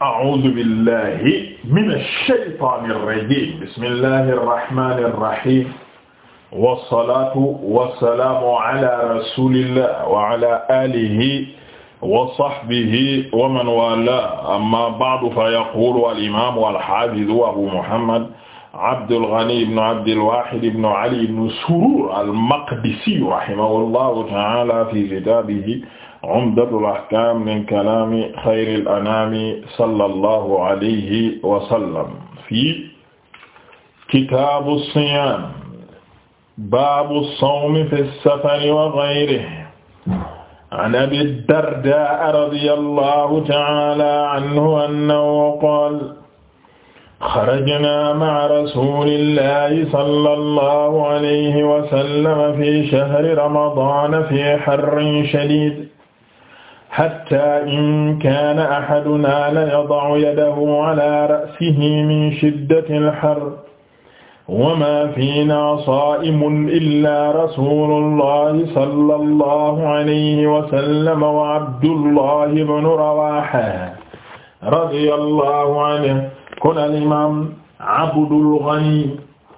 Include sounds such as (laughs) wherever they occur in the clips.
a'uuzu billahi mina shaytaani rajiim bismillahi rahmaani rahiim wasalaatu wasalaamu ala rasulillah wa ala alihi wa sahbihi wa man waalaahu amma ba'du fa yaquulu al-imaamu al-haafizu abu muhammad Abdul Ghani ibn Abdil Waahid ibn Ali ibn Suruur al-Maqdisi rahimahullahu ta'aala fi kitaabihi Umdatul Ahkaam min kalaami xayril anaami sallallahu alayhi wa sallam fii kitaabu siyaam baabu sawmi fi safari wa xayrihi an Abi Dardaa radiyallahu ta'aalaa anhu annahu qaala xarajnaa ma'a rasuulillaahi sallallahu alayhi wa sallam fi shahri ramadaana fi harrin shadiid xatta in kaana axadunaa la yada'u yadahu alaa ra'sihi min shiddatil xar wa maa fiinaa saa'imun illaa rasuulullaahi sallallaahu alayhi wa sallam wa abdullaahi ibnu rawaaha radiyallaahu anhu kon al-imaam Abdul Ghani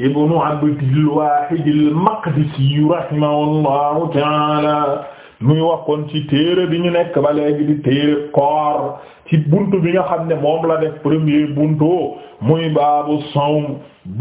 ibnu Abdil Waahid al-Maqdisi rahimahullaahu ta'aalaa muy wax kon ci téere bi ñu nekk ba léegi di téere koor ci buntu bi nga xam ne moom la de premier buntu muy baabu sawm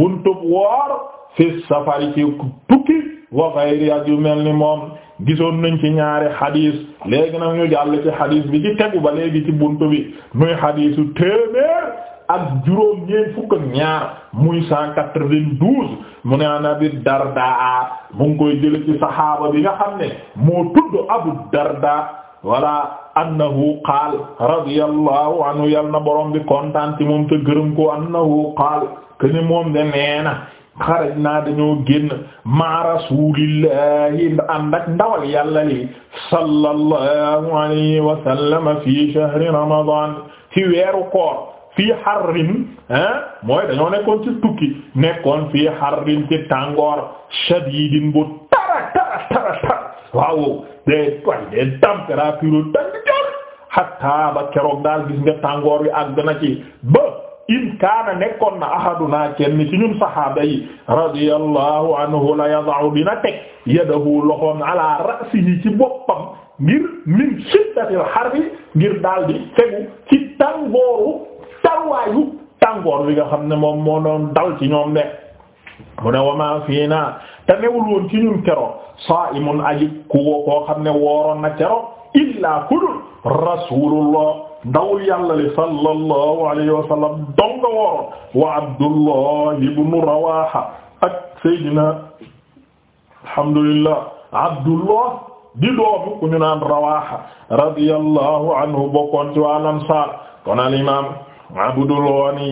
buntu woor fi safari ci tukki wa ghayri ak yu mel ni moom gisoon nañ ci ñaari xadis léegi nag ñu jàll ci xadis bi ci tegu ba léegi ci buntu bi muy xadisu téeméer ak juróom ñeen fukk ak muy cent quatre-vingt-douze mu ne an Abi Darda mu koy jële ci saxaaba bi nga xam ne moo tudd Abu Darda wala annahu qaal radiyallahu anhu yal na bi kontaan ci moom te gërëm ko annahu qaal kene moom de nee na xaraj naa dañoo génn ma rasulillahi ànd ak ndawal yàlla li koor fii harrin hein mooy dañoo nekkoon ci tukki nekkoon fii harrin ci tàngoor shadidin bu tara tara tara tara waaw des way des températures tàng jor hatta ba keroog daal gis nga tàngoor wi àgg na ci ba in kaana nekkoon na ahaduna kenn ci ñun sahaaba yi radiyallahu anhu la yada'u dina teg yadahu loxoom ala ra'sihi ci boppam ngir min shiddatil harri ngir daal di fegu ci tàngooru tarwaayu tàngoor wi nga xam ne moom moo doon dal ci ñoom de mu ne wamaa fii naa te newul woon ci ñun ku koo xam ne wooroon na keroog illaa kudul rasulullah dawul yàlla li wa abdullah ibnu rawaha ak sayyidina alhamdulillah abdullah di doomu ku rawaha radiyallahu anhu bokkoon ci kon al Abdul Ghani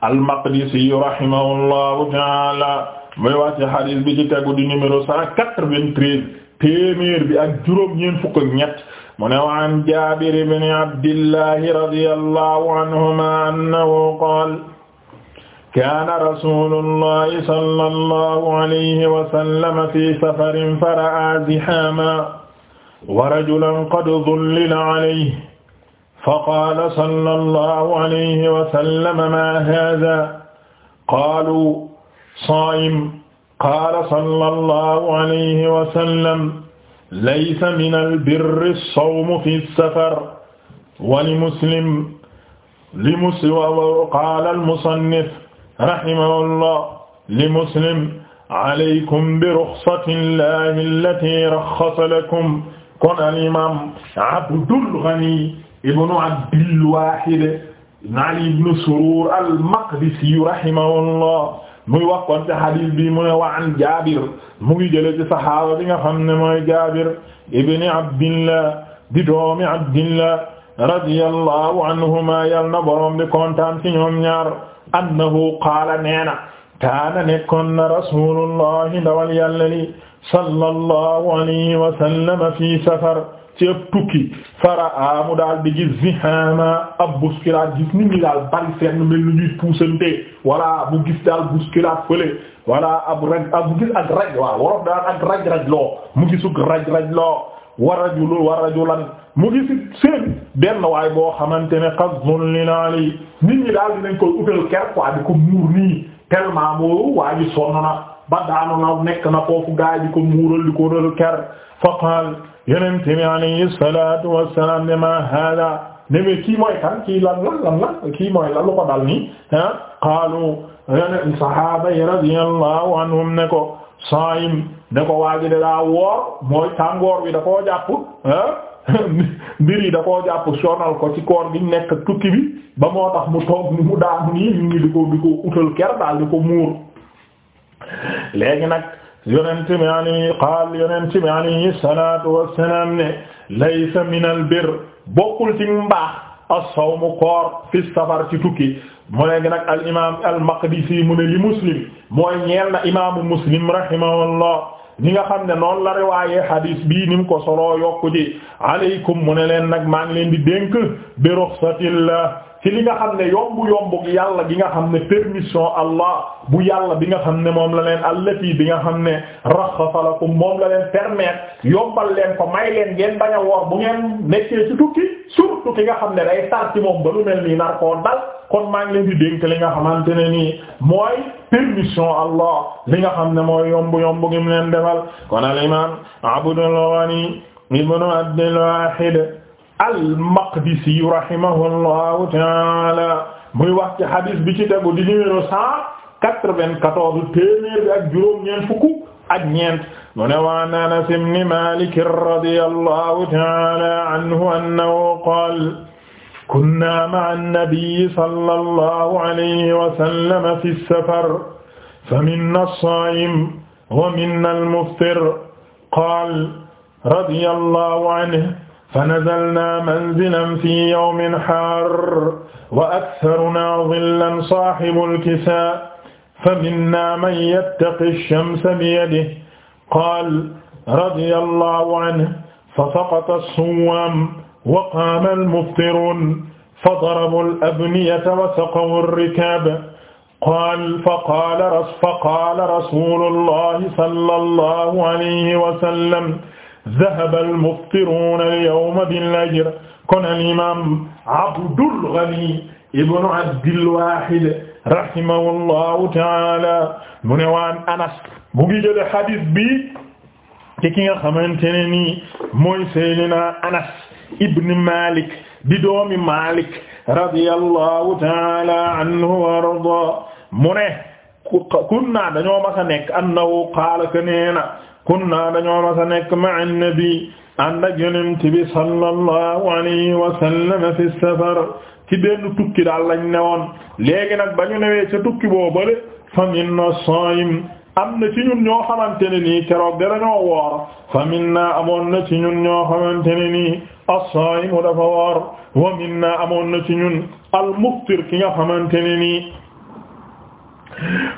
al-Maqdisi rahimahullahu ta'ala muy wax ci hadith bi ci tegu di numéro cent quatre-vingt-treize téeméer bi ak juróom ñeent fukk ak ñett mu ne wa an Jaabir ibn Abdillah radiyallahu anhuma annahu qaala kaana rasuulullahi sallallahu alayhi wa sallam fi safarin fara'aa zihaaman wa rajulan qad dhullila alayhi faqaala sallallahu alayhi wa sallam maa haazaa qaaluu saa'im qaala sallallahu alayhi wa sallam laysa minal birri as-sawmu fi as-safar wa li muslim li muslim qaala al-musannif rahimahullah li muslim alaykum bi ruxsatillaahi allatii raxxasa lakum kon al-imaam Abdul Ghani ibnu abdil wahid ali ibnu surur al-maqdisi rahimahullah muy wax kon ci hadis bi mu ne wa an jabir mu ngi jële ci sahaaba bi nga xam ne mooy jabir ibni abdillah di doomi abdillah radiyallahu anhuma yal na borom bi kontaan ci ñoom ñaar annahu qaala neena kaana nekkoon na rasulullahi ndawal yàlla li sallallahu alayhi wa sallam fi safar ci ab tukki fara mu daal di gis zihama ab bousculade gis nit ñi daal bari seen mel ni ñuy puusante walla mu gis daal bousculade fële walla ab raj ab gis ak raj waaw worof daal ak raj raj loo mu gisug raj raj loo wa rajulul wa rajulan mu gis seen benn waay boo xamante ne qazun linali nit ñi daal dinañ koy utal ker quoi di ko muur nii tellement moo waa ji ba daanu na nekk na foofu gaay di ko muural di ko utal ker faqal yeneen tamit alayhi salaatu wassalaam ne ma hada ne mais kii mooy kan kii lan lan lan lan kii mooy lan lu ko dal nii ah qaalu yeneen sahaaba yi radiyallahu anhum ne ko saayim ne ko waaji de daa woor mooy tàngoor bi da koo jàpp (laughs) mbir yi da koo jàpp sonal ko ci koor gi nekk tukki bi ba moo tax mu toog ni mu daanu nii di ko di ker daal di ko muur léegi nag yonent bi alayhi qaal yonent bi alayhi salaatu wassalaam ne laysa minal bir bokkul ci mbaax as-sawmu koor fi safar ci tukki mu ne nag al imaam al maqdisi mu ne li muslim mooy ñeel na imaamu muslim rahimahullah nga xam ne noonu la riwaayee hadis bii ni mu ko soloo yokku ji aleykum mu ne leen nag maa ngi leen di dénk bi ruxsatillah ci li nga xam ne yombu yombu gi yàlla gi nga xam ne permission allah bu yàlla bi nga xam ne moom la leen allati bi nga xam ne raxasa lakum moom la leen permettre yombal leen ko may leen ngeen bañ bu ngeen nekkee ci tukki surtout ki nga xam ne day tar ci moom ba lu mel nii nar dal kon maa ngi di dénk li nga xamante ne nii mooy permission allah li nga xam ne mooy yomb yombu gi mu leen defal kon al imam Abdul Ghani ibn Abdul Wahid al-Maqdisi rahimahullahu taala muy wax ci hadith bi ci tegu di numéro cent quatre-vingt-quatorze téeméer bi ak juróom-ñeent fukk ak ñeent mu ne waan Anas ibn Malik radiyallahu taala anhu annahu qaala kunna ma'a an-nabiyyi sallallahu alayhi wa sallam fi safar fa minna as-saa'im wa minna al-muftir qaala radiyallahu anhu فنزلنا منزلا في يوم حار وأكثرنا ظلا صاحب الكساء فمنا من يتقي الشمس بيده قال رضي الله عنه فسقط الصوام وقام المفطرون فضربوا الأبنية وسقوا الركاب قال فقال رس فقال رسول الله صلى الله عليه وسلم dhahaba al-muftiruuna al-yawma bil-ajr kon al-imaam Abdul Ghani ibnu Abdil Waahid rahimahullahu ta'aala mu ne waan Anas mu ngi jële hadiis bi ci ki nga xamante ne nii mooy Seydina Anas ibn Maalik di doomi Maalik radiyallahu ta'aala anhu wa ardaa mu ne kunna dañoo mas a nekk annahu qaala kaana kunna dañoo masa nekk ma'a nabi ànd ak yonent bi sallallahu alayhi wa sallam fi safar ci benn tukki daal lañ newoon léegi nag ba ñu newee ca tukki boobale fa minna saayim am na ci ñun ñoo xamante ne nii keroog de dañoo woor fa minna amoon na ci ñun ñoo xamante ne nii as-saayimu dafa woor wa minna amoon na ci ñun al-muftir ki nga xamante ne nii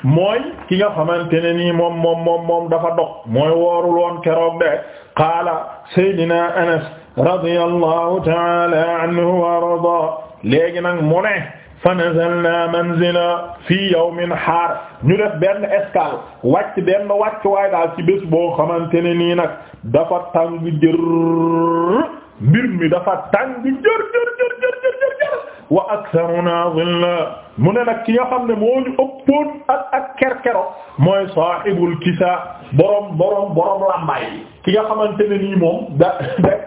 mooy ki nga xamante ne nii moom moom moom moom dafa dox mooy woorul woon keroog de qaala Seydina Anas radiyallahu ta'ala anhu wa arda léegi nag mu ne fa nazalna manzila fii yawmin xaar ñu def benn escale wàcc benn wàcc waay daal ci bés boo xamante ne nii nag dafa tàng jër mbir mi dafa tàng jër jër jër wa ak aktharuna dhilla mu ne nag ki nga xam ne moo ñu ëppoon ak ak kerkero mooy saahibul kisa borom borom borom làmbaay ki nga xamante ne nii moom da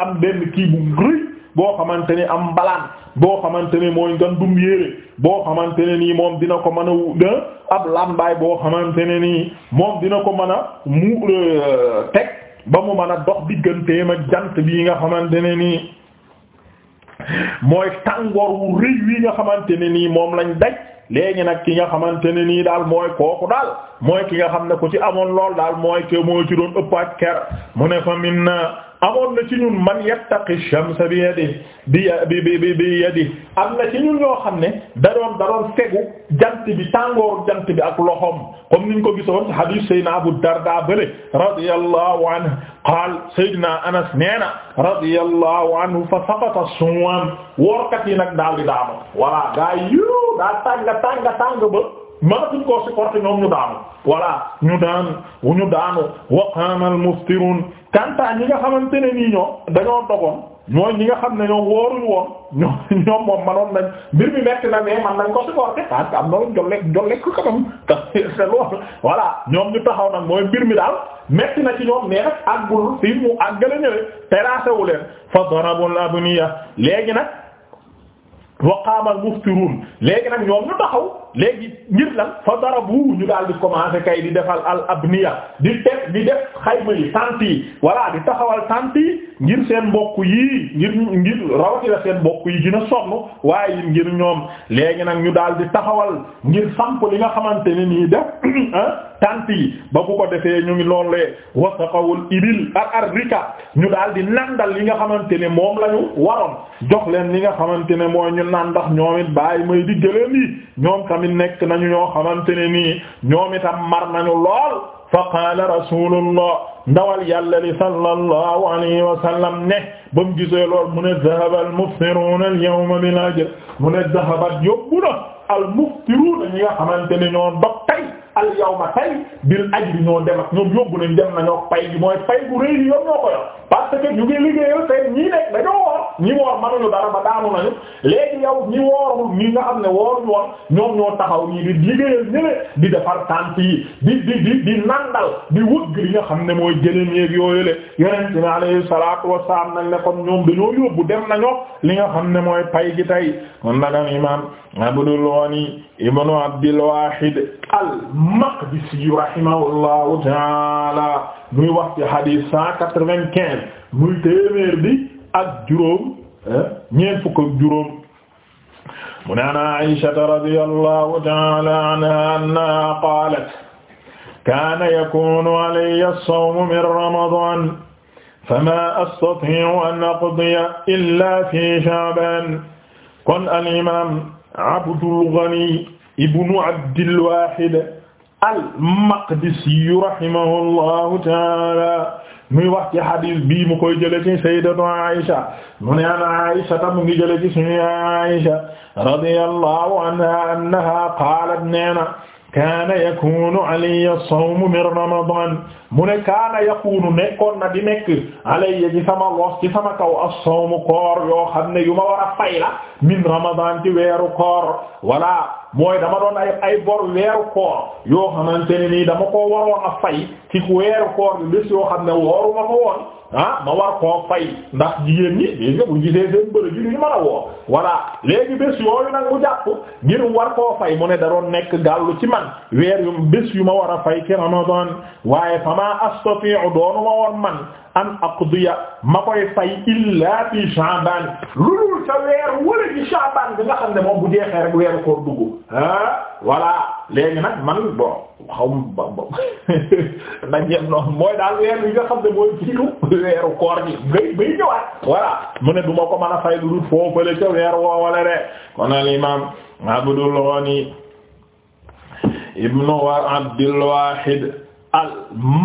am benn kii bu rëy boo xamante ni am mbalaan boo xamante ne mooy ngandum yére boo xamante ne nii moom dina ko mën a ab làmbaay boo xamante ne nii moom dina ko mën a mu euh, teg ba mu mën a dox digganteem ak jant bii nga xamante ne nii. mooy tàngoor wu rëy wi nga xamante ne nii moom lañ daj léegi nag ki nga xamante ne nii daal mooy kooku daal mooy ki nga xam ne ko ci amoon lool daal mooy ke moo ci doon ëpp ak ker mu ne fa minna amoon na ci ñun man yattaqi shamsa bi yadi bi bi bi bi yadi am na ci ñun ñoo xam ne da doon da doon fegu jant bi tàngoor jant bi ak loxoom comme niñ ko gisoon ci hadith Seydina Abu Darda bële radiyallahu anhu qaal Seydina Anas nee na radiyallahu anhu fa saqata as-suwam woorkat yi nag daal di daanu voilà daa yu daa tàng tàng tàng ba. mënatuñ koo supporter ñoom ñu daanu voilà ñu daanu wu ñu daanu waqaamal muftirun ñi nga xamante ne nii ñoom dañoo dogoon ñooy ñi nga xam ne ñoom wóorul woon ñoom ñoom moom manoon nañ mbir mi metti na mais man nañ ko supporter parce que am na lu jollek jollek ko kanam te loolu voilà ñoom ñu taxaw na mooy mbir mi daal metti na ci ñoom mais nag àggul fii mu àggale ñëwee terrassé wu leen fa darabul abniya léegi nag waqaamal muftirun léegi nag ñoom ñu taxaw léegi ngir lan fa darabu ñu daal di commencé kay di defal al abniya di def di def xayma yi tant yi voilà di taxawal tant yi ngir seen mbokk yi ngir ngir rawatina seen mbokk yi dina sonn waaye ngir ñoom léegi nag ñu daal di taxawal ngir samp li nga xamante ni nii def (clears throat) ah tant yi ba bu ko defee ñu ngi loolee wasaqawul ibil ak ar rika ñu daal di nandal yi nga xamante ne moom lañu ñu waroon jox leen li nga xamante ne mooy ñu naan ndax ñoom it bàyyi may di gëleen tamit nekk nañu ñoo xamante ne nii ñoom itam mar nañu lool fa qaala rasulullah ndawal yàlla li sallallahu alayhi wa sallam ne ba mu gisee lool mu ne dhahaba al-muftiruuna al-yawma bil ajr mu ne dhahabat yóbbu na al-muftiruuna ñi nga xamante ne ñoo dog tay al yawma tay bil ajri ñoo dem ak ñoom yóbbu nañ dem nañoo pay bi mooy pay bu rëy bi ñoom ñoo ko yor parce que ñu ngi liggéeyal seen ñii nekk dañoo woor ñi woor mënuñu dara ba daanu nañu léegi yow ñi woorul ñi nga xam ne woorul woon taxaw ñii di liggéeyal ñële di defar tànt yi di di di di nandal di li nga xam ne mooy jëlee ñeeg yooyule yonent bi alayhi salaatu wassalaam nañ ne kon ñoom dañoo yóbbu dem nañoo li nga xam ne mooy pay gi ta kon Maqdisi rahimahullahu taala muy wax ci hadith cent quatre-vingt-quinze muy téeméer bi ak juróom eh, ñeent fukk ak juróom mu ne ana Aysata radiyallahu taala anha annaha qaalat kaana yakuunu alayya as-sawmu min ramadaan famaa astatii'u an aqdiya illaa fii sha'baan kon al-imaam Abdul Ghani ibnu Abdil Waahid al-Maqdisiyu rahimahullahu taala muy wax ci hadis bii mu koy jële ci sayyidatu Aïsha mu ne an Aïsha ta mu ngi jële ci suñu Aïsha radiyallahu anha annaha qaalat neena kaana yakunu alayya sawmu min ramadan mu ne kaana yakunu nekkoon na di nekk alayya ci sama los ci sama kaw as-sawmu koor yoo xam ne yu ma war a fay la min ramadan ci weeru koor wala mooy dama doon ay ay bor weeru koor yoo xamante ne nii dama ko waroon a fay weer weeru koor yu bés yoo xam ne wooruma ko ah ma war koo fay ndax jigéen ñi dégg nga bu gisee seen bëri ji ñu mën a woo voilà léegi bés yooyu nag mu jàpp ngir war koo fay mu ne da doon nekk gàllu ci man weer yu bés yu ma war a fay ci ramadan waaye fa ma astati'u doonu ma woon man an aqdiya ma koy fay illa fi sha'ban lulul sa weer wala ci sha'ban bi nga xam ne moom bu jeexee rek weeru koor dugg ah léegi nag man bon xaw (laughs) daal weer bi nga xam ne mooy jiitu weeru koor gi mu ne du ko mën a fay dudut foofale ca weer woowale de kon al imam Abdul Ghani ibnu Abdul Wahid al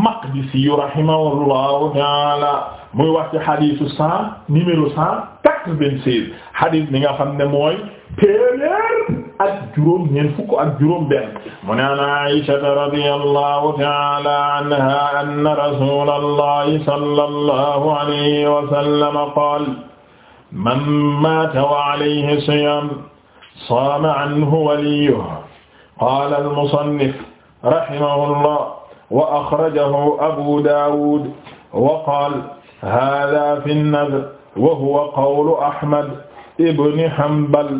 Maqdisi rahimahullahu taala muy wax ci xadiisu cent numéro cent quatre-vingt-seize xadiis bi nga xam ne mooy téeméer ak juróom ñeent fukk ak juróom benn mu ne an Aysata radiyallahu ta'ala anha anna rasulallahi sallallahu alayhi wa sallam qaala man maata wa alayhi siyaam saama anhu waliyyuhu qaala al-musannif rahimahullah wa akhrajahu abu daawud wa qaala haadha fi an-nadr wa huwa qawlu ahmad ibn hanbal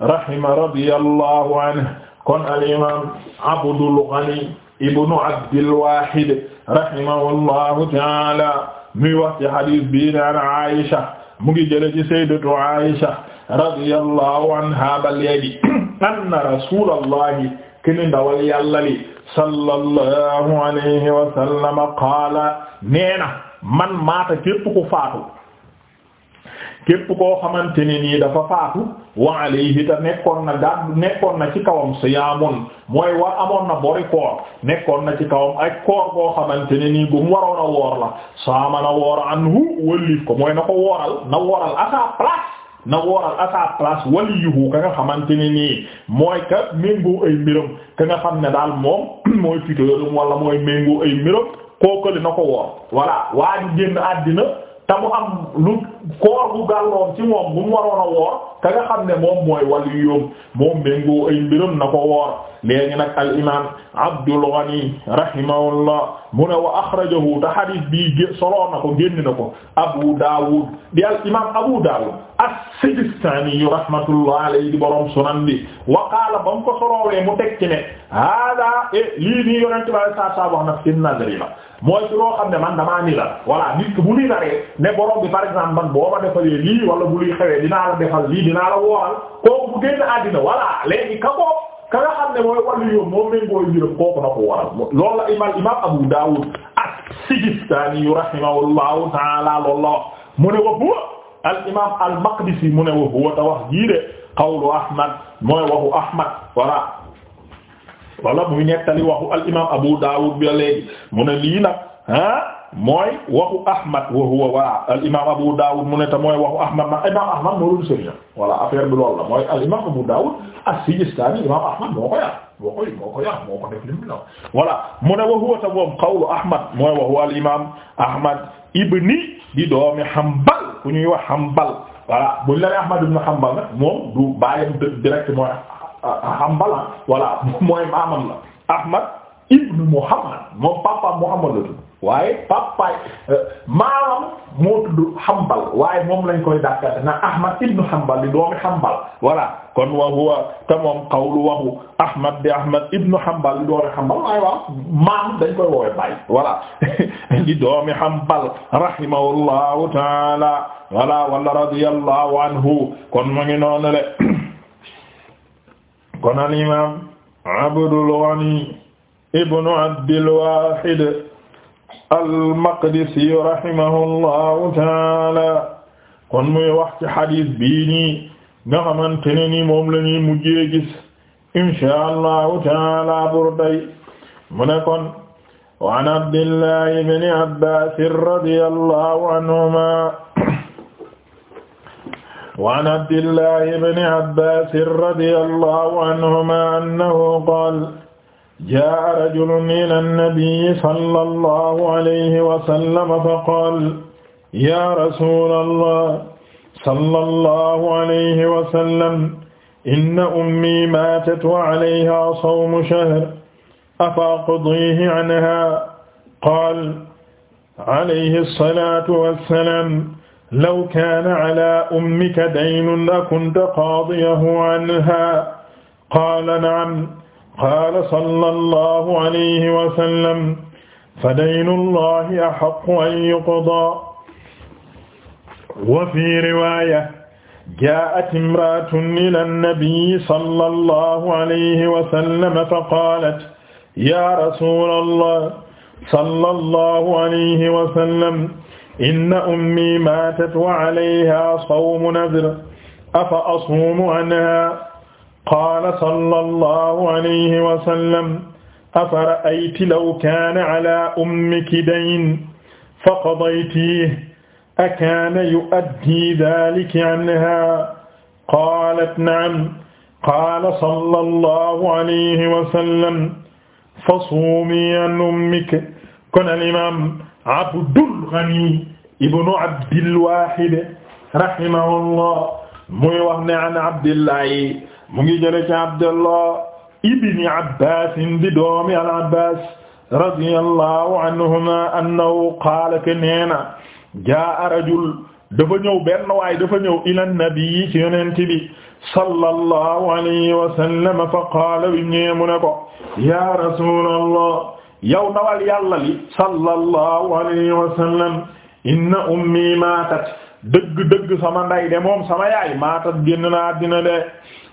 rahima radiyallahu anhu kon al-imam Abdul Ghani ibnu Abdil Wahid rahimahullahu ta'ala muy wax ci hadith bi naan Aisha mu ngi jële ci sayyidatu Aisha radiyallahu anha ba léegi (clears throat) anna rasulallahi kene ndawal yàlla li sallallahu alayhi wa sallam qaala neena man maata képp ku faatu képp koo xamante ne nii dafa faatu wa alayhi ta nekkoon na gàddu nekkoon na ci kawam siyaamun mooy war amoon na bori koor nekkoon na ci kawam ak koor koo xamante ne nii bu mu waroon a woor la saama na woor anhu wëlliif ko mooy na ko wooral na wooral à place na wooral à sa place waliyuhu ka nga xamante ne nii mooy ka méngoo ay mbiram ka nga xam ne daal moom (clears throat) mooy tuteerum wala mooy méngoo ay mbiram kookali na ko woor voilà waa ji génn te mu am lu koor bu gàlloon ci moom bu mu woor te xam ne moom mooy wàllu yoom moom méngoo ay mbiram na ko woor léegi nag al imam Abdul Ghani rahimahullah mu ne wa akhrajahu te hadith bii soloon na ko génn na ko Abu Dawud di al imam Abu Dawud as-Sijistaani yu rahmatullah alayhi di borom sunan bi wa qaala ba mu ko soroowee mu e, lii nii yonente bi alei satu salaam wax nag seen mooy su loo ne man damaa ni la voilà nit naree ne borom bi par exemple man boo ma defalee lii xewee dinaa la defal lii dinaa la kooku bu génn àddina voilà léegi ka ko ka nga ne mooy wàllu yoon moom lañ koy mbiram kooku na ko waral loolu la imaam Abu Daawud as-Sijistaani yu ta'ala al imam al maqdisi mu ne wa huwa ta wax jii de qawlu ahmad mooy waxu ahmad wala wala muy nettali waxu al imam abu dawud bi léegi mu ne lii nag ah mooy waxu ahmad wa huwa wala al imam abu dawud mu ne ta mooy waxu ahmad ma imam ahmad moo doon sëriñam wala affaire bi loolu la mooy al imam abu dawud as-sijistani imam ahmad moo ko yàq moo koy moo ko yàq moo ko def lim la voilà mu ne wa huwa ta moom qawlu ahmad mooy waxu al imam ahmad ibni di doomi hanbal ku ñuy wax Hanbal voilà buñ la nee Ahmad ibn Hanbal nag moom du bàyyam direct mooy ah, ah, Hanbal ah, voilà (laughs) mooy maamam Ahmad ibn Muhammad moom papa Muhammad la waaye papaay euh, maamam moo tudd Hanbal waaye moom lañ koy dàkkate na Ahmad ibnu Hanbal di doomi Hanbal voilà kon wa huwa te moom qawlu waxu Ahmad di Ahmad ibnu Hanbal di doomi Hanbal waaye waaw maam dañ koy woowee baay voilà (laughs) di doomi Hanbal rahimahullahu taala voilà wala radiyallahu anhu kon mu ngi noonu le kon al imam Abdul Ghani ibnu Abdul Wahid al-Maqdisi rahimahullahu taala kon muy wax ci xadis bii nii nga xamante ne ni moom la ñuy mujjee gis inshaa allahu taala burday mu ne kon wa an Abdillahi ibni Abbaas radiyallahu anhuma wa an Abdillahi ibni Abbaas radiyallahu anhuma annahu qaala jaa rajulun ila nabiyyi sallallahu alayhi wa sallam faqaala yaa rasuulallah sallallahu alayhi wa sallam inna ummii maatat wa alayhaa sawmu shahr afa aqdiihi anhaa qaala alayhi salaatu wa salaam law kaana alaa ummika daynun akunta qaadiyahu anhaa qaala na'am qaala sallallahu alayhi wa sallam fadaynullahi ahaqqu an yuqdaa wa fii riwaaya jaa'at imra'atun ilaa nabiyyi sallallahu alayhi wa sallam faqaalat yaa rasuulallah sallallahu alayhi wa sallam inna ummii maatat wa alayhaa sawmu nadr afa asuumu anhaa qaala sallallahu alayhi wa sallam afara'ayti law kaana ala ummiki dayn faqadaytihi akaana yu'addii dhaalika anhaa qaalat na'am qaala sallallahu alayhi wa sallam fasuumii an ummiki kon al-imaam Abdul Ghani ibnu Abdil Waahid rahimahullah muy wax ne an Abdillahi mu ngi jële ci Abdullah ibni Abbas di doomi al-Abbas radiyallahu anhuma annahu qaala ke jaa rajul dafa ñëw benn waay dafa ñëw ila nabi ci yonent bi sallallahu alayhi wa sallam ne ko ya rasulallah yow ndawal yàlla li sallallahu alayhi wa inna ummi maatat dëgg dëgg sama nday de sama yaay maatat génn na de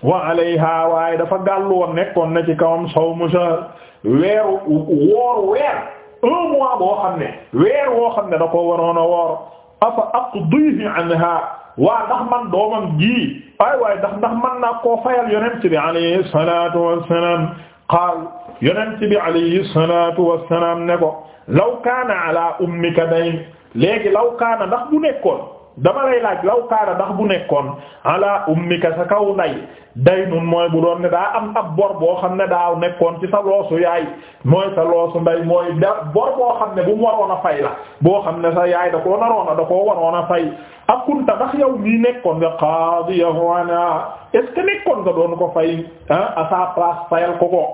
wa alayha waaye dafa gàllu woon nekkoon na ci kawam sawmu shahr weeru woor weer un mois boo xam ne weer woo xam ne da ko waroon a woor afa aqdihi anha waa ndax man doomam ji ay waaye ndax ndax man naa koo fayal yonent bi alayhi salatu wassalam qaal yonent bi alayhi salatu wassalam ne ko law kaana ala ummika dayn léegi law kaana ndax bu nekkoon dama lay laaj law kaana ndax bu nekkoon ala ummika sa kaw nday day nun mooy bu doon ne daa am ab bor boo xam ne daaw nekkoon ci sa loosu yaay mooy sa loosu nday mooy da bor boo xam ne bu mu waroon a fay la boo xam ne sa yaay da koo naroon a da koo waroon a fay akunta ndax yow mii nekkoon nga qaadiyahu ana est ce nekkoon nga doon ko fay ah à fayal ko ko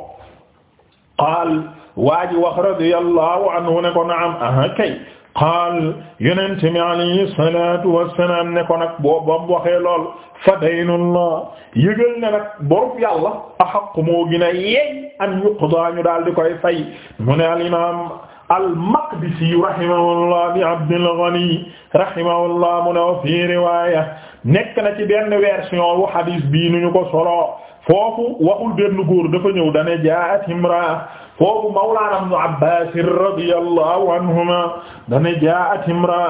qaal waa ji wax radiyallahu anhu ne ko naam aha kay qaal yonent mi alayhi salaatu wassalaam ne ko nag boo ba mu waxee lool fa daynullah yëgal ne nag borom yàlla axaqu moo gën a yey an yuqdaa ñu daal di koy fay mu ne al imaam al maqdisi rahimahullah bi abdul ghani rahimahullah mu ne wa fii riwaaya nekk na ci benn version wu hadis bii nu ñu ko solo foofu waxul benn góor dafa ñëw dane jaat imra foofu mawlaana ibnu Abbaas radiyallahu anhuma dana jaa'at imra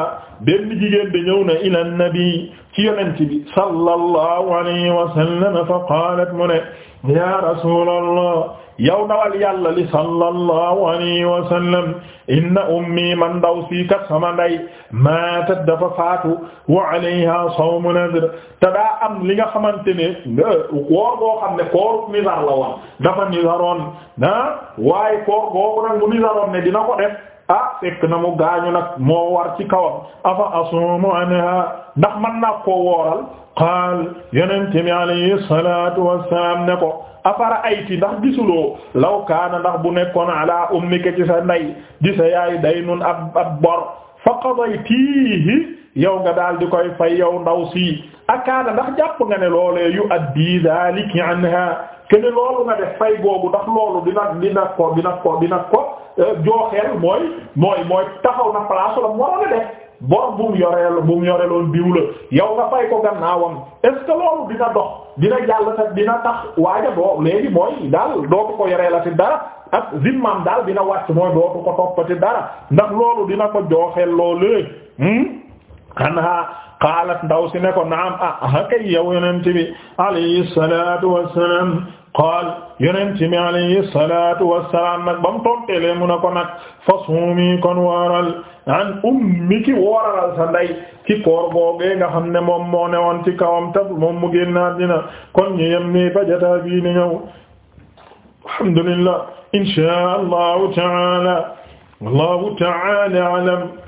benn jigéen da ñëw na ila nabi ci yonent bi sallallahu alayhi wa sallam fa qaalat mu ne ya rasuulallah yow dawal yàlla li sallallahu alayhi wa sallam inna man ndaw sii kat sama nday maatat dafa faatu wa alayha sawmu nadr te daa am li nga xamante ne koor boo xam ne koor nizar la dafa nizaroon ah waaye koor boobu nag mu ne dina ko def ah fekk na mu gaañu nag moo war ci kawam afa asumu anha ndax man na ko wooral qaal yonent bi alayhi salaatu wassalaam ne ko afara ayti ndax gisuloo law kaana ndax bu nekkoon ala ummika ci sa ndey di sa yaay daynun ab ab fa qadaytihi yow nga daal di koy fay yow ndaw si akaana ndax jàpp nga ne loolee yu addi daaliki anha kene loolu nga fay googu ndax loolu dina dina ko dina ko ko eh, mooy mooy mooy taxaw na place la mu waroon boo bu mu yoreel bu mu yoreeloon diw la yow nga fay ko gannaawam est-ce que loolu dina dox dina jàll dina tax waaja doo léegi mooy daal dootu ko yoreelati dara ak zimmaam daal dina wàcc mooy dootu ko toppati dara ndax loolu dina ko jooxeel loolee. Hmm? qaalat ndaw si ne ko naam ah, ah kay yow yonent bi alayhi salatu wassalam qaal yonent bi alayhi salatu wassalam nag ba mu tontelee mu ne ko nag fasumi kon waral an ummiki wooral sa ndey ci koor googee nga xam ne moom moo newoon ci kawam tab moom mu génnaat dina kon ñu yem nii ba jotaay bii di ñëw alhamdulillah insha allahu taala allahu taala alam